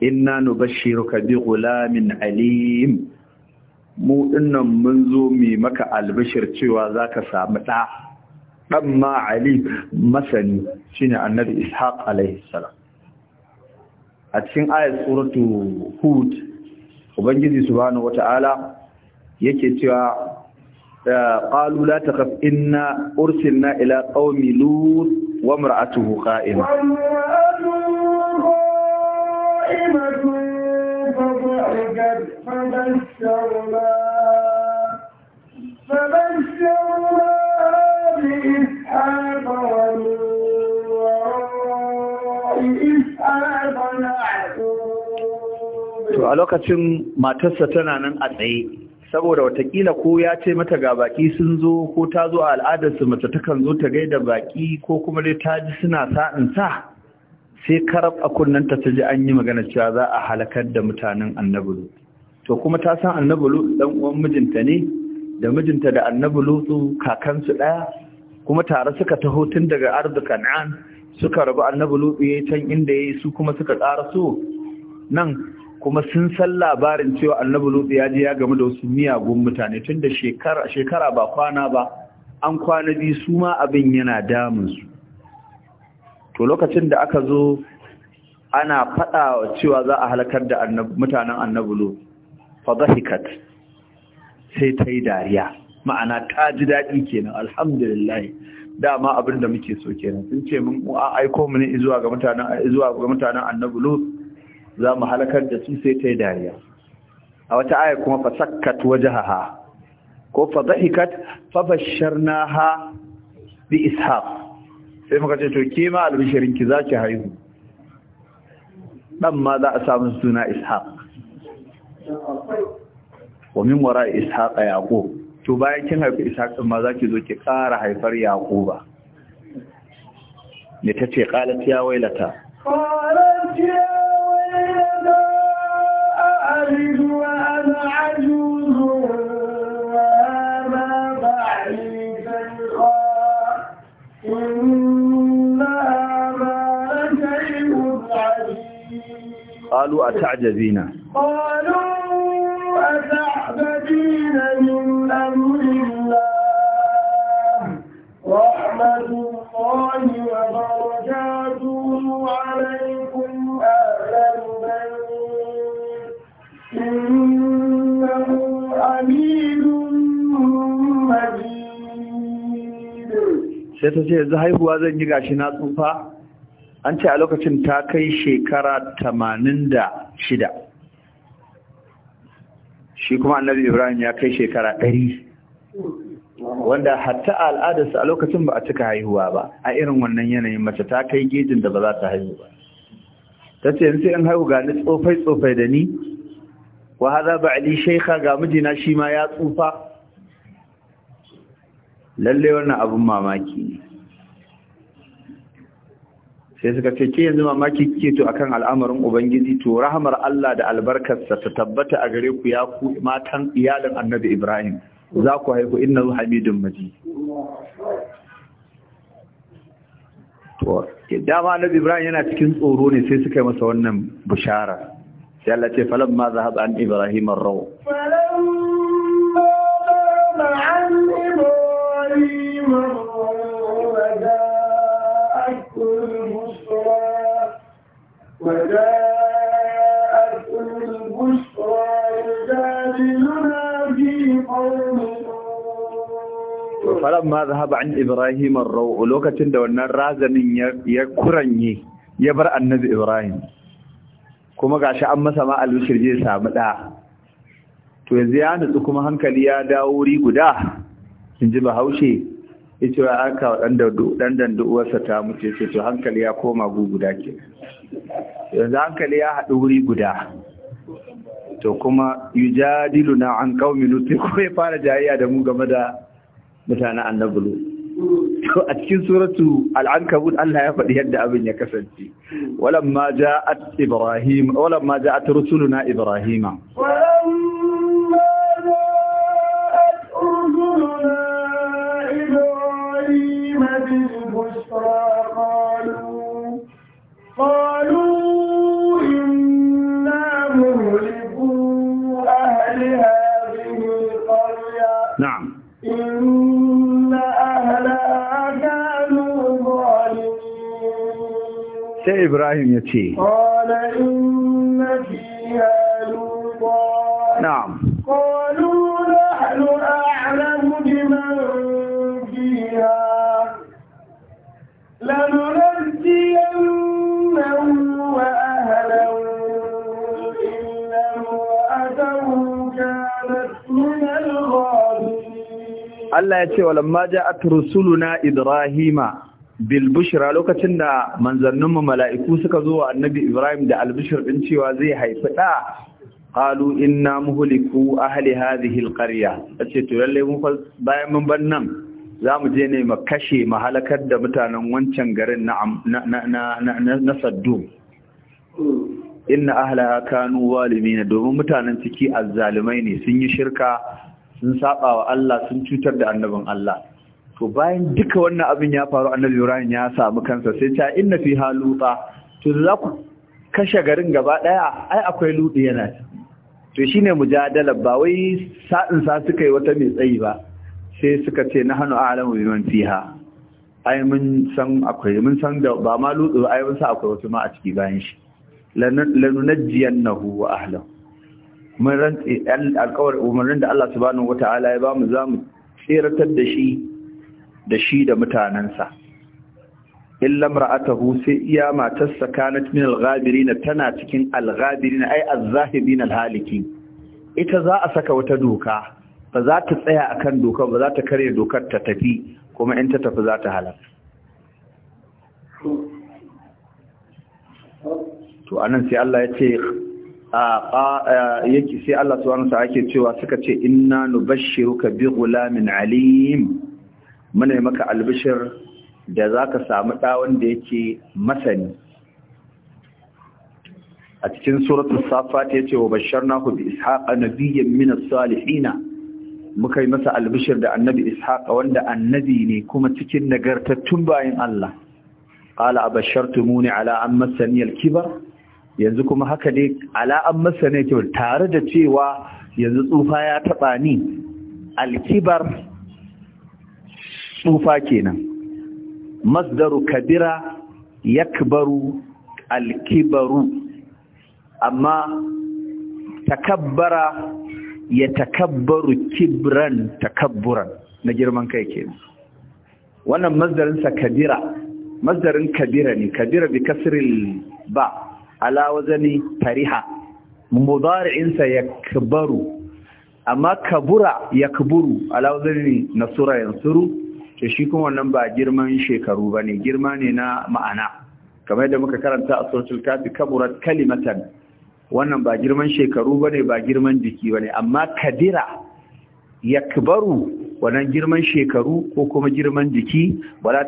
inna nubashshiruka bi gulamin alim mu dinnan mun zo mai maka albishir cewa zaka samu da dan ma ali masani shine annabi ishaq alaihi salam a cikin ayat suratu hud ubangiji subhanahu wataala yake cewa qalu la na inna ursilna ila qaumi lut وامرأته قائمة فبشرنا بإسحاق إسحاق a lokacin matarsa tana nan a tsaye saboda watakila ko ya ce mata ga baki sun zo ko ta zo a al'adarsu mace takan zo ta gaida baki ko kuma dai ta ji suna sa'in sa sai karab a kunnenta ta ji an yi magana cewa za a halakar da mutanen annabi to kuma ta san annabi dan uwan mijinta ne da mijinta da annabi lutu kakansu daya kuma tare suka taho tun daga ardu kan'an suka rabu annabi lutu yayi can inda yayi su kuma suka ƙara so nan kuma sun san labarin cewa annabi lutsi ya je ya gamu da wasu miyagun mutane tun da shekara shekara ba kwana ba an kwana biyu su ma abin yana damun su to lokacin da aka zo ana faɗa cewa za a halakar da mutanen annabi lutsi fa dhahikat sai ta yi dariya ma'ana ta ji daɗi kenan alhamdulillah dama abinda muke so kenan sun ce mun aiko mu ne zuwa ga mutanen zuwa annabi za mu halakar da su sai ta yi dariya a wata aya kuma fa sakkat wajahaha ko fa dhahikat fa basharnaha bi ishaq sai muka ce to ke ma albishirin ki zaki haihu dan ma za a samu suna ishaq wa min wara ishaq yaqub to bayan kin haifi ishaq din ma zaki zo ki ƙara haifar yaquba ne tace qalat ya wailata qalat ya عجوز عجيب قالوا أتعجبين قالوا أتعجبين sai ta ce yanzu haihuwa zan yi gashi na tsufa an ce a lokacin ta kai shekara tamanin da shida shi kuma annabi ibrahim ya kai shekara ɗari wanda hatta al'adarsa a lokacin ba a cika haihuwa ba a irin wannan yanayin mace ta kai gejin da ba za ta haihu ba ta ce yanzu in haihu gani tsofai-tsofai da ni wa haza ba ali shaikha ga mijina shi ma ya tsufa Lallai wannan abin mamaki ne sai suka ce ke yanzu mamaki kike to akan al'amarin ubangiji to rahmar Allah da albarkarsa ta tabbata a gare ku ya ku matan iyalin annabi Ibrahim za ku haihu innahu hamidun maji to dama annabi Ibrahim yana cikin tsoro ne sai suka yi masa wannan bushara. sai Allah ce falamma zahab an Ibrahim ar falamma zahaba an ibrahim ar lokacin da wannan razanin ya kuranye ya bar annabi ibrahim kuma gashi an masa ma albishir zai samu da to yanzu ya nutsu kuma hankali ya dawo wuri guda inji bahaushe yace wa aka wadanda dan ta mutu yace to hankali ya koma gu guda ke yanzu hankali ya haɗu wuri guda to kuma yujadiluna an qaumi lut ko ya fara jayayya da mu game da mutanen annabulu to a cikin suratu al Allah ya faɗi yadda abin ya kasance walamma ja'at ibrahim walamma ja'at rusuluna ibrahima walamma sai ibrahim ya ce ƙwala inna fiha lutan na'am qalu Allah ya ce walamma ja'at rusuluna ibrahima bilbushira lokacin da manzanninmu mala'iku suka zo wa annabi Ibrahim da albishir ɗin cewa zai haifi ɗa ƙalu inna muhuliku ahali hadhihi alqarya tace to lalle mun bayan mun ban nan za mu je ne mu kashe mahalakar da mutanen wancan garin na na saddu inna ahlaha kanu walimin domin mutanen ciki azzalumai ne sun yi shirka sun saba wa Allah sun cutar da annabin Allah to bayan duka wannan abin ya faru annabi Ibrahim ya samu kansa sai ta inna fi haluta to za ku kashe garin gaba daya ai akwai ludi yana to shine mujadala ba wai sa'in sa suka yi wata mai tsayi ba sai suka ce na hanu a'lamu biman fiha ai mun san akwai mun san da ba ma ludu ai mun san akwai wasu ma a ciki bayan shi lanunajjiyannahu wa ahlahu mun rantsi alƙawar umarnin da Allah subhanahu wataala ya bamu mu tseratar da shi da shi da mutanensa illa mar'atahu sai iya matarsa kanat min al-ghabirin tana cikin al-ghabirin ai az-zahibin al-haliki ita za a saka wata doka ba za ta tsaya akan dokar ba za ta kare dokar ta tafi kuma in ta tafi za ta halaka to anan sai Allah ya ce yake sai Allah subhanahu wa ta'ala ke cewa suka ce inna nubashshiruka bi ghulamin alim muna yi maka albishir da za ka samu ɗawon da yake masani a cikin surat safat ya ce wa bashar na ku bi na biyan min salihina muka yi masa albishir da annabi ishaƙa wanda annabi ne kuma cikin nagartattun bayan Allah Ƙala bashar tumuni ala an masaniyar kibar yanzu kuma haka dai ala an masaniyar kibar tare da cewa yanzu tsufa ya taɓa ni Alkibar tsufa kenan masdaru kabira yakbaru alkibaru amma takabbara ya takabbaru kibran takabburan na girman kai kenan wannan masdarinsa kabira masdarin kabira ne kabira bi kasril ba ala wazani tariha ya yakbaru amma kabura yakburu ala wazani nasura yansuru to shi kuma wannan ba girman shekaru ba ne girma ne na ma'ana kamar yadda muka karanta a suratul kafi kaburat kalimatan wannan ba girman shekaru ba ne ba girman jiki ba ne amma kadira yakbaru wannan girman shekaru ko kuma girman jiki wala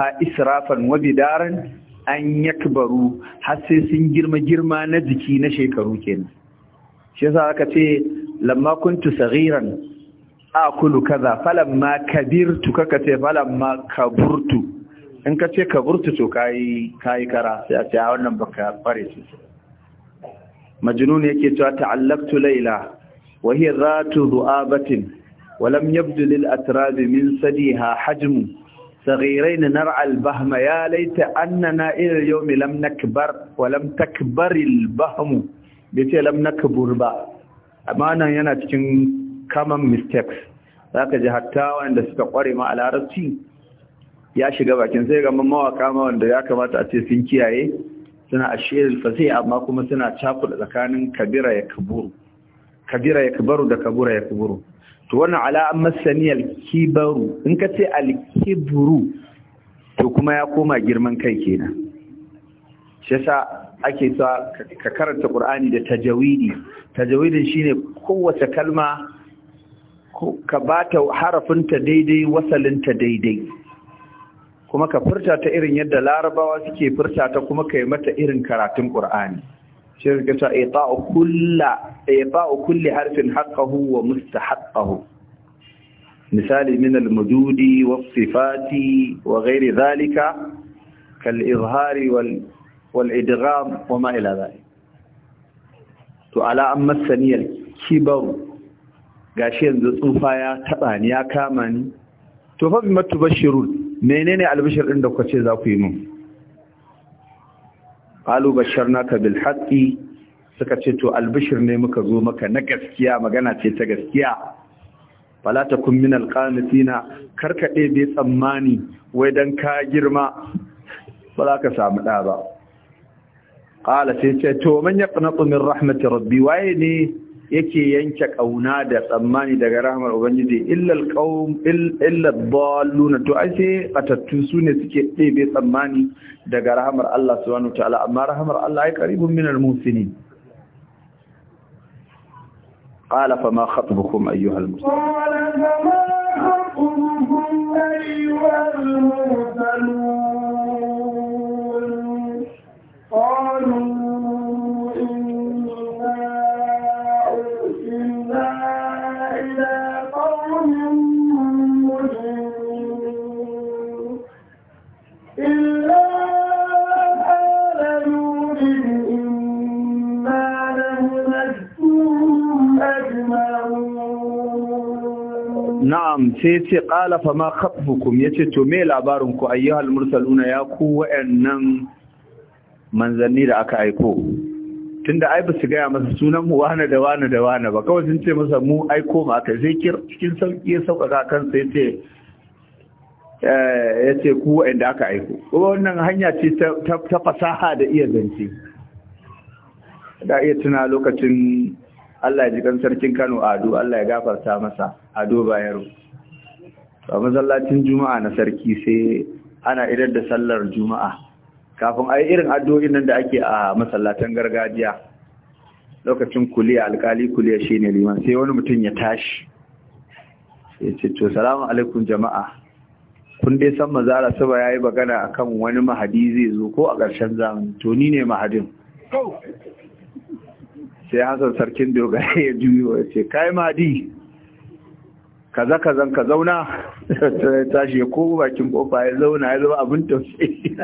ha israfan wabi daren an yakbaru har sai sun girma girma na jiki na shekaru kenan shi yasa aka ce lamma kuntu sagiran akulu kaza falamma kabirtu kaka ce falamma kaburtu in ka ce kaburtu to kayi kayi kara sai a ce a wannan baka fare su majnun yake cewa ta'allaqtu layla wa hiya zatu du'abatin wa lam yabdu lil atrab min sadiha hajm صغيرين نرعى البهم يا ليت أننا إلى اليوم لم نكبر ولم تكبر البهم بيتي لم نكبر با أما أنا yana cikin. common mistakes za ka ji hatta wanda suka kware ma a larabci ya shiga bakin sai ga mawaka ma wanda ya kamata a ce sun kiyaye suna a shirin fasi amma kuma suna cakula tsakanin kabira ya kaburu kabira ya kabaru da kabura ya kaburu to wannan ala an alkibaru in ka ce alkiburu to kuma ya koma girman kai kenan shi yasa ake sa ka karanta qur'ani da tajawidi tajawidin shine kowace kalma ka ba ta harafinta daidai wasalinta daidai kuma ka furta ta irin yadda larabawa suke furta ta kuma ka yi mata irin karatun ƙur'ani shi ka ta ifa'u kulli harfin haqqahu wa mustahaqqahu misali min al-mududi wa sifati wa gairi zalika, kal izhari wal wa to ala amma saniyal kibaru gashi yanzu tsufa ya taɓa ni ya kama ni to fa bi matu bashirun menene albishir ɗin da kuka ce za ku yi min qalu basharnaka bil haqqi suka ce to albishir ne muka zo maka na gaskiya magana ce ta gaskiya fala takun min alqanitina karkade bai tsammani wai dan ka girma ba za ka samu ɗaba. ba qala sai ce to man yaqnatu min rahmati rabbi waye ne yake yanke kauna da tsammani daga rahmar ubangiji illal qaum illal dalluna to ai sai atattu sune suke ɗebe tsammani daga rahamar Allah subhanahu ta'ala amma rahamar Allah ai qaribun minal musinin qala fama khatubukum ayyuhal muslimun qala fama khatubukum ayyuhal na'am sai ce qala fa ma yace to me labarin ku ayyuhal mursaluna ya ku wa'annan manzanni da aka aiko tunda ai ba su gaya masa sunan mu wani da wani da wani ba kawai sun ce masa mu aiko ma aka sai cikin sauki ya sauƙaƙa kansa yace eh yace ku wa'anda aka aiko kuma wannan hanya ce ta fasaha da iya zance da iya tuna lokacin Allah ya ji kan sarkin Kano Ado Allah ya gafarta masa Ado Bayero a masallacin juma'a na sarki sai ana idar da sallar juma'a kafin a yi irin addu'o'in nan da ake a masallatan gargajiya lokacin kuliya alkali kuliya shi ne liman sai wani mutum ya tashi sai ce to salamu alaikum jama'a kun dai san mazara saba ya yi magana a kan wani mahadi zai zo ko a ƙarshen zamani to ni ne mahadin sai hasan sarkin dogara ya juyo ya ce kai mahadi kaza kazan ka zauna tashi ko bakin kofa ya zauna ya zama abin tausayi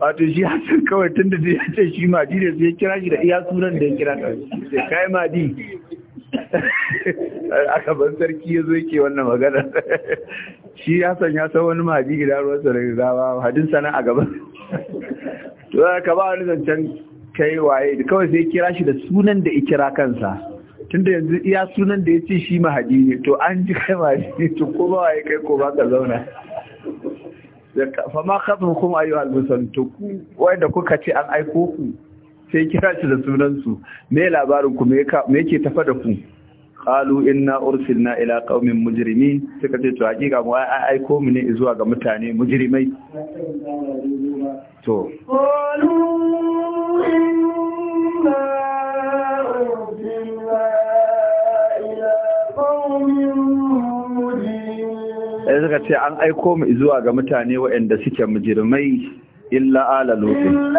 wato shi san kawai tun da ya ce shi madi da ya kira shi da iya sunan da ya kira ta sai kai madi aka ban sarki ya zo yake wannan magana shi ya san ya san wani madi gida ruwan sa da rawa hadin sana a gaba to ka ba wani zancen kai waye kawai sai kira shi da sunan da ya kira kansa tunda yanzu iya sunan da ya ce shi mahadi ne to an ji kai mahadi to ko ba waye kai ko ba ka zauna fa ma khatbu kuma ayu al to ku da kuka ce an aiko ku sai kira shi da sunan su me labarin ku me yake tafa da ku qalu inna ursilna ila qaumin mujrimin suka ce to hakika mu ai aiko mu ne zuwa ga mutane mujrimai to qalu suka ce an aiko mu zuwa ga mutane waɗanda suke mujirmai illa ala lutin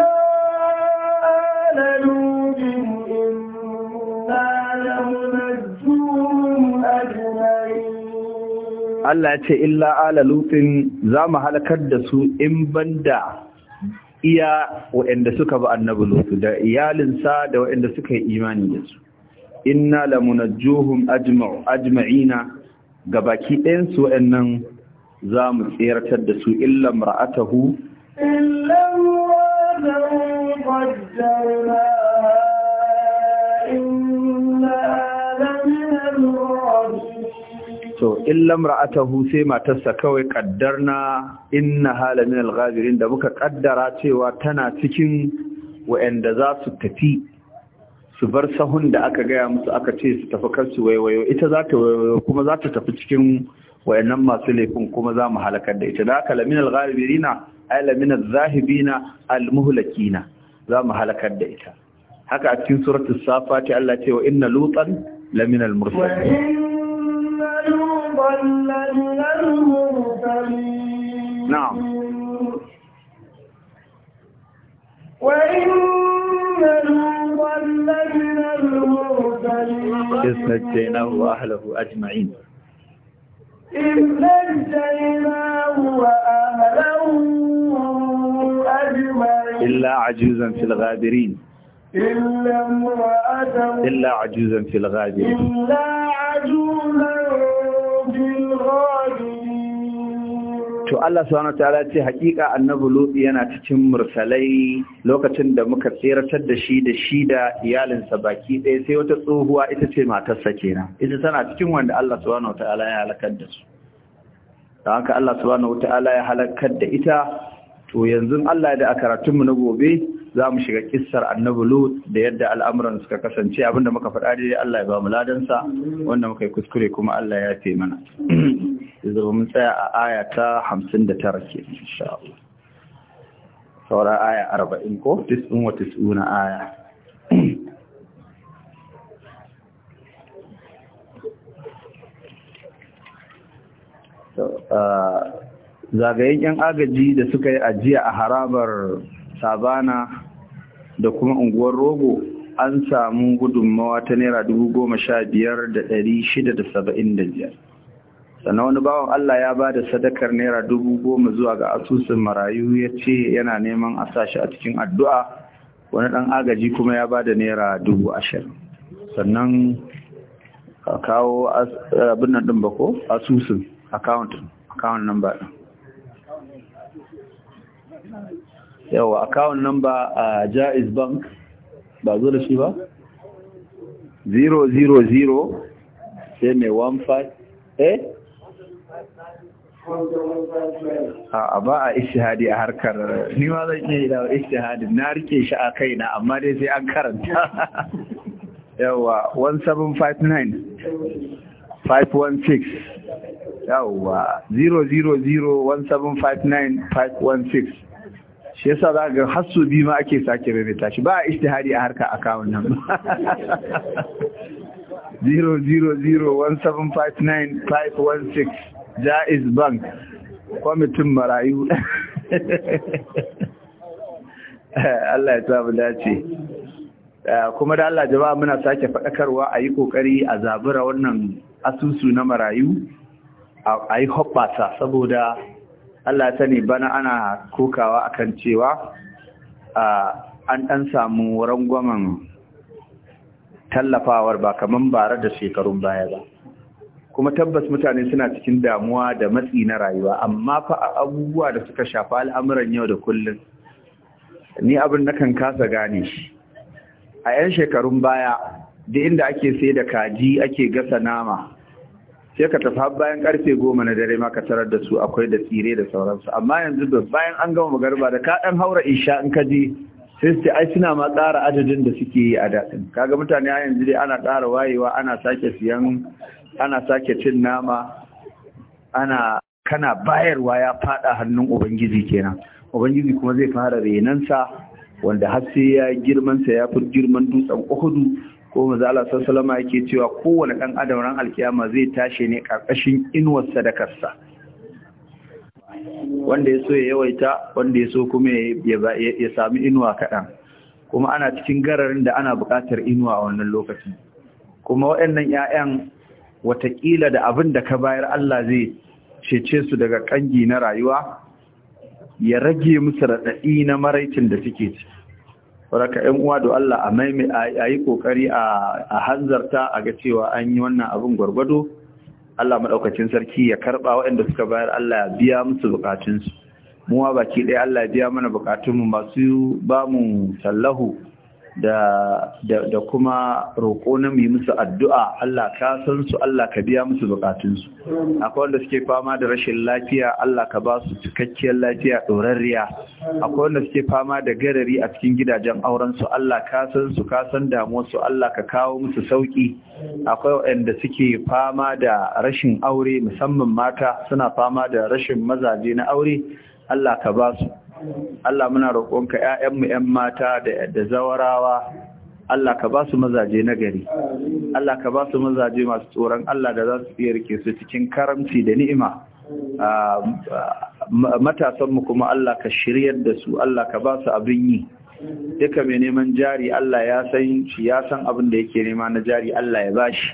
Allah ya ce illa ala lutin za mu halakar da su in banda iya waɗanda suka ba annabi lutu da iyalinsa da waɗanda suka yi imani da su inna lamunajjuhum ajma'u ga baki ɗayansu waɗannan za mu tsayartar da su illa ra'atahu to ra'atahu sai matarsa kawai kaddarna inna hala min al da muka kaddara cewa tana cikin wa'yanda za su tafi su bar sahun da aka gaya musu aka ce su tafi karsu waiwayo ita za ta waiwayo kuma za ta tafi cikin wayannan masu laifin kuma za mu halakar da ita da laminar laminal gharibina ay Zahibi, na al muhlakina za mu halakar da ita haka a cikin suratul safati Allah ce wa inna lutan laminal mursalin نعم إذ نجيناه وأهله إلا عجوزا في الغابرين إلا امرأته إلا عجوزا في الغابرين إلا عجوزا في الغابرين to Allah subhanahu ta'ala ce hakika annabi Lut yana cikin mursalai lokacin da muka tseratar da shi da shi da iyalinsa baki ɗaya sai wata tsohuwa ita ce matarsa kenan ita tana cikin wanda Allah subhanahu ta'ala ya halakar da su don haka Allah subhanahu ta'ala ya halakar da ita to yanzu Allah ya da a karatunmu na gobe za mu shiga kissar annabi lut da yadda al'amuran suka kasance abinda muka faɗa dai Allah ya ba mu ladansa wanda muka yi kuskure kuma Allah ya fi mana *coughs* yanzu mun tsaya a aya ta 59 ke insha Allah saura aya 40 ko 90 wa 90 aya uh, zagayen yan agaji da suka yi ajiya a harabar sabana da kuma unguwar rogo an samu gudunmawa ta naira dubu goma sha biyar da ɗari shida da saba'in da biyar sannan wani bawan Allah ya ba da sadakar naira dubu goma zuwa ga asusun marayu ya ce yana neman a sashi a cikin addu'a wani dan agaji kuma ya ba da naira dubu ashirin sannan kawo abin nan ɗin bako asusun account account number ɗin yawa account number a jaiz bank ba zo da shi ba 000 sai mai 15 eh a ba a ishihadi a harkar ni ma zan iya da ishihadi na rike shi a kaina amma dai sai an karanta yawa 1759 516 yawa 000 1759 516 shi yasa za ga hasu bi ma ake sake maimaita shi ba a ishtihari a harka akawun nan 0001759516 *laughs* jaiz bank kwamitin marayu *laughs* Allah ya samu dace eh, kuma da Allah jama'a muna sake faɗakarwa a yi ƙoƙari a zabura wannan asusu na marayu a yi hoɓɓasa saboda Allah sani bana ana kokawa akan cewa an ɗan samu rangwamen tallafawar ba kamar bara da shekarun baya ba kuma tabbas mutane suna cikin damuwa da matsi na rayuwa amma fa a abubuwa da suka shafa al'amuran yau da kullum ni abin na kan kasa gane shi a 'yan shekarun baya da inda ake sai da kaji ake gasa nama sai ka tafi har bayan karfe goma na dare ma ka tarar da su akwai da tsire da sauransu amma yanzu da bayan an gama magarba da ka ɗan haura isha in ka je sai su ai suna ma tsara adadin da suke yi a daɗin kaga mutane a yanzu dai ana tsara wayewa ana sake siyan ana sake cin nama ana kana bayarwa ya faɗa hannun ubangiji kenan ubangiji kuma zai fara renansa wanda har sai ya girmansa ya fi girman dutsen uhudu ko manzo Allah sallallahu alaihi yake cewa kowane dan adam ran alkiyama zai tashi ne karkashin inuwar sadakarsa wanda ya so ya yawaita wanda ya so kuma ya samu inuwa kaɗan kuma ana cikin gararin da ana buƙatar inuwa a wannan lokacin kuma waɗannan 'ya'yan watakila da abin da ka bayar Allah zai cece su daga ƙangi na rayuwa ya rage musu raɗaɗi na maraicin da suke ci Waraka ƴan uwa da Allah a maimai a yi ƙoƙari a hanzarta a ga cewa an yi wannan abin gwargwado, Allah maɗaukacin sarki ya karɓa waɗanda suka bayar Allah ya biya musu buƙatunsu. Muwa baki ɗaya Allah ya biya mana buƙatunmu masu ba mu sallahu da da kuma roƙo na mu yi musu addu'a Allah ka san su Allah ka biya musu bukatunsu akwai wanda suke fama da rashin lafiya Allah ka ba su cikakkiyar lafiya ɗorarriya akwai wanda suke fama da garari a cikin gidajen auren su Allah ka san su ka san damuwar su Allah ka kawo musu sauƙi. akwai wanda suke fama da rashin aure musamman mata suna fama da rashin mazaje na aure Allah ka ba su Allah muna roƙonka ‘ya'yanmu ‘yan mata da zawarawa, Allah ka ba su mazaje na gari, Allah ka ba su mazaje masu tsoron Allah da za su iya rike su cikin karamci da ni'ima. Matasanmu kuma Allah ka shiryar da su, Allah ka ba su abin yi. duka mai neman jari Allah ya san shi ya san abin da yake nema na jari Allah ya bashi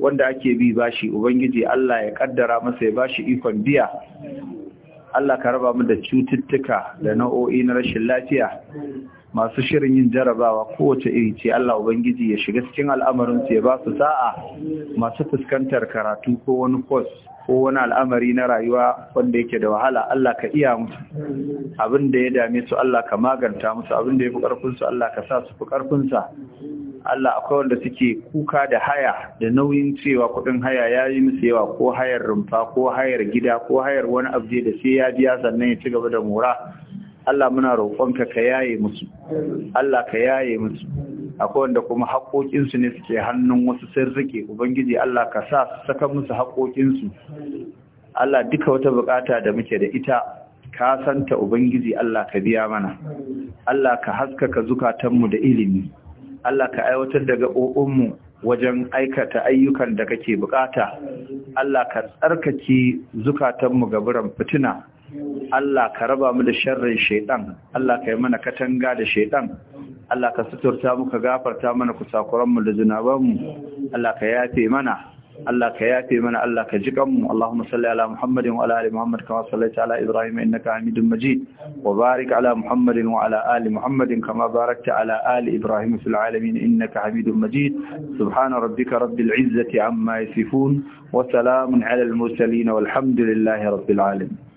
wanda ake bi bashi ubangiji Allah ya kaddara masa ya bashi ikon biya Allah ka raba mu da cututtuka da nau'o'i na rashin lafiya masu shirin yin jarabawa kowace iri ce Allah Ubangiji ya shiga cikin al'amarin su ya ba su sa'a masu fuskantar karatu ko wani course ko wani al'amari na rayuwa wanda yake da wahala Allah ka iya musu abin da ya dame su Allah ka maganta musu abin da ya fi ƙarfinsu Allah ka sa su fi ƙarfinsa Allah akwai wanda suke kuka da haya da nauyin cewa kuɗin haya ya yi musu yawa ko hayar rumfa ko hayar gida ko hayar wani abu da sai ya biya sannan ya ci gaba da mura. Allah muna roƙonka ka yaye musu Allah ka yaye musu akwai wanda kuma haƙoƙinsu ne suke hannun wasu sun rike ubangiji Allah ka sa su saka musu haƙoƙinsu Allah duka wata buƙata da muke da ita ka santa Ubangiji Allah ka biya mana, Allah ka haskaka zukatanmu da ilimi, Allah ka aiwatar da gaɓoɓinmu wajen aikata ayyukan da kake bukata Allah ka tsarkake zukatanmu ga biran fitina Allah ka raba mu da sharrin shaidan Allah ka yi mana katanga da shaidan Allah ka suturta muka gafarta mana kusakuranmu da zunabanmu Allah ka yafe mana Allah ka yafe mana Allah ka ji kanmu Allahumma salli ala Muhammadin wa ala ali Muhammad kama sallaita ala Ibrahim innaka Hamidum Majid wa barik ala Muhammadin wa ala ali Muhammadin kama barakta ala ali Ibrahim fil alamin innaka Hamidum Majid subhana rabbika rabbil izzati amma yasifun wa salamun ala al mursalin والحمد لله رب